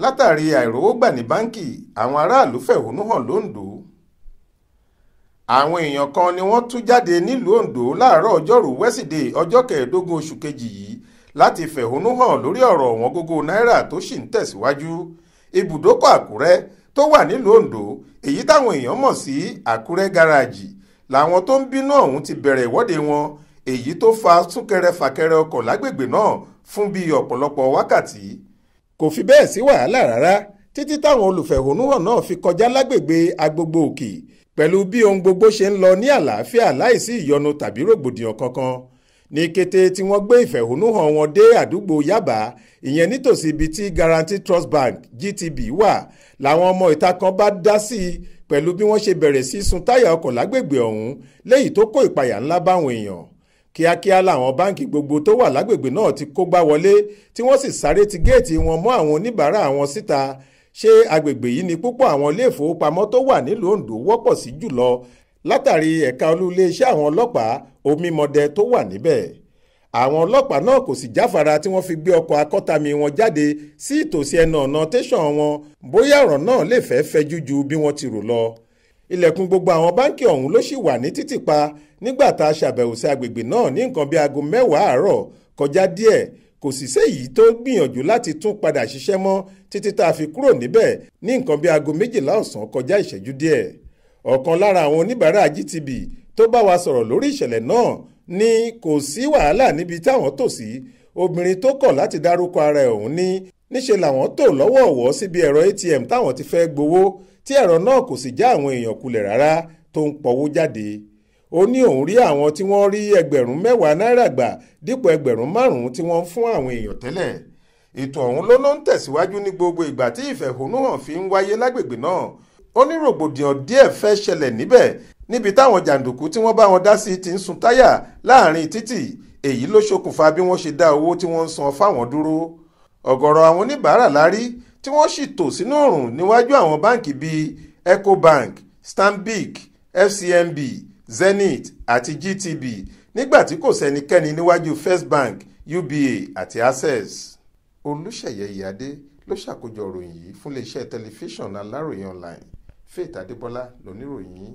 látàrí àìrówó gbà ní báńkì àwọn aráàlú fẹ̀hónú hàn lóńdó àwọn èèyàn kan ni wọ́n tú jáde nílùú ondo láàárọ̀ ọjọ́rùú wẹ́sídẹ̀ẹ́ ọjọ́ kẹẹ̀ẹ́dógún oṣù kejì yìí láti fẹ̀hónú hàn lórí ọ̀rọ̀ ọ̀wọ́n gógó náírà tó sì ń tẹ̀síwájú ibùdókọ̀ àkúrẹ́ tó wà nílùú ondo èyí táwọn èèyàn mọ̀ sí àkúrẹ́ gáràjì làwọn tó ń bínú ọ̀hún ti bẹ̀rẹ̀ ìwọ́de wọn èyí tó fa súnkẹrẹ fàkẹrẹ ọkọ̀ lágbègbè náà fún bíi ọ̀pọ̀lọpọ̀ wákàtí kò fi bẹ́ẹ̀ sí wàhálà rárá títí táwọn olùfẹ̀hónúhàn náà fi kọjá lágbègbè agbogbo òkè pẹ̀lú bí ohun gbogbo ṣe ń lọ ní àlàáfíà láìsí ìyọnu tàbí rògbòdìyàn kankan ní kété tí wọ́n gbé ìfẹ̀hónúhàn wọn dé àdúgbò Yaba ìyẹn nítòsí ibi tí Guaranty Trust Bank GTB wà làwọn ọmọ ìta kan bá dá sí i pẹ̀lú bí wọ́n ṣe bẹ̀rẹ̀ sí sun táyà ọkọ̀ lágbègbè ọ̀hún léyìí tó kó ìpayà ńlá báwọn èèyàn kíákíá làwọn báǹkì gbogbo tó wà lágbègbè náà ti kógbá wọlé tí wọ́n sì sáré ti géètì wọn mọ́ àwọn oníbàárà wọn síta ṣé agbègbè yìí ni púpọ̀ àwọn ilé ìfowópamọ́ tó wà nílùú Ondo wọ́pọ̀ sí jùlọ látàrí ẹ̀ka olú iléeṣẹ́ àwọn ọlọ́pàá omimọdẹ tó wà níbẹ̀ àwọn ọlọ́pàá náà kò sì jáfara tí wọ́n fi gbé ọkọ̀ akọ́tami wọn jáde sí ìtòsí ẹnu ọ̀nà tẹ̀sán wọn bóyá ọ̀rọ̀ náà lè fẹ́ fẹjú ju bí wọ́n ti rò lọ ilẹ̀kùn gbogbo àwọn báńkì ọ̀hún ló sì wà ní títìpa nígbà tá a ṣàbẹ̀wò sí agbègbè náà ní nǹkan bíi aago mẹ́wàá àárọ̀ kọjá díẹ̀ kò sì séyìí tó gbìyànjú láti tún padà ṣiṣẹ́ mọ́ títí tá a fi kúrò níbẹ̀ ní nǹkan bíi aago méjìlá ọ̀sán kọjá ìṣẹ́jú díẹ̀ ọ̀kan lára àwọn oníbàárà GTB tó bá wa sọ̀rọ̀ lórí ìṣẹ̀lẹ̀ náà ni kò sí wàhálà níbi táwọn tò sí obìnrin tó kọ̀ láti dárúkọ ara ẹ̀ ọ̀hún ní níṣẹ́ làwọn tò lọ́wọ̀ọ̀wọ́ síbi ẹ̀rọ atm táwọn ti fẹ́ gbowó tí ẹ̀rọ náà kò sì já àwọn èèyàn kulẹ̀ rárá tó ń pọwó jáde ó ní òun rí àwọn tí wọ́n rí ẹgbẹ̀rún mẹ́wàá náírà gbà dípò ẹgbẹ̀rún márùn-ún tí wọ́n ń fún àwọn èèyàn tẹ́lẹ̀ ètò ọ̀hún ló ló ń tẹ̀síwájú ní gbogbo ìgbà tí ìfẹ̀hónúhàn fi ń wáyé lágbègbè náà ó ní rògbòdìyàn díẹ̀ fẹ́ ṣẹlẹ̀ níbẹ̀ níbi táwọn jàǹdùkú tí wọ́n bá wọn dá sí ti ń sun táyà láàrin títì èyí ló ṣokùnfà bí wọ́n ṣe dá owó tí wọ́n ń san fáwọn dúró ọ̀gọ̀rọ̀ àwọn oníbàárà lárí tí wọ́n sì tò sínú òrùn níwájú àwọn báǹkì bíi ecobank stanbic fcmb zenith àti gtb nígbà tí kò sẹ́nikẹ́ni níwájú first bank uba àti access. olùṣeyẹ ìyáde ló ṣàkójọ ìròyìn yìí fún iléeṣẹ́ tẹlifíṣàn aláròye online faith adébọlá lóníròyìn.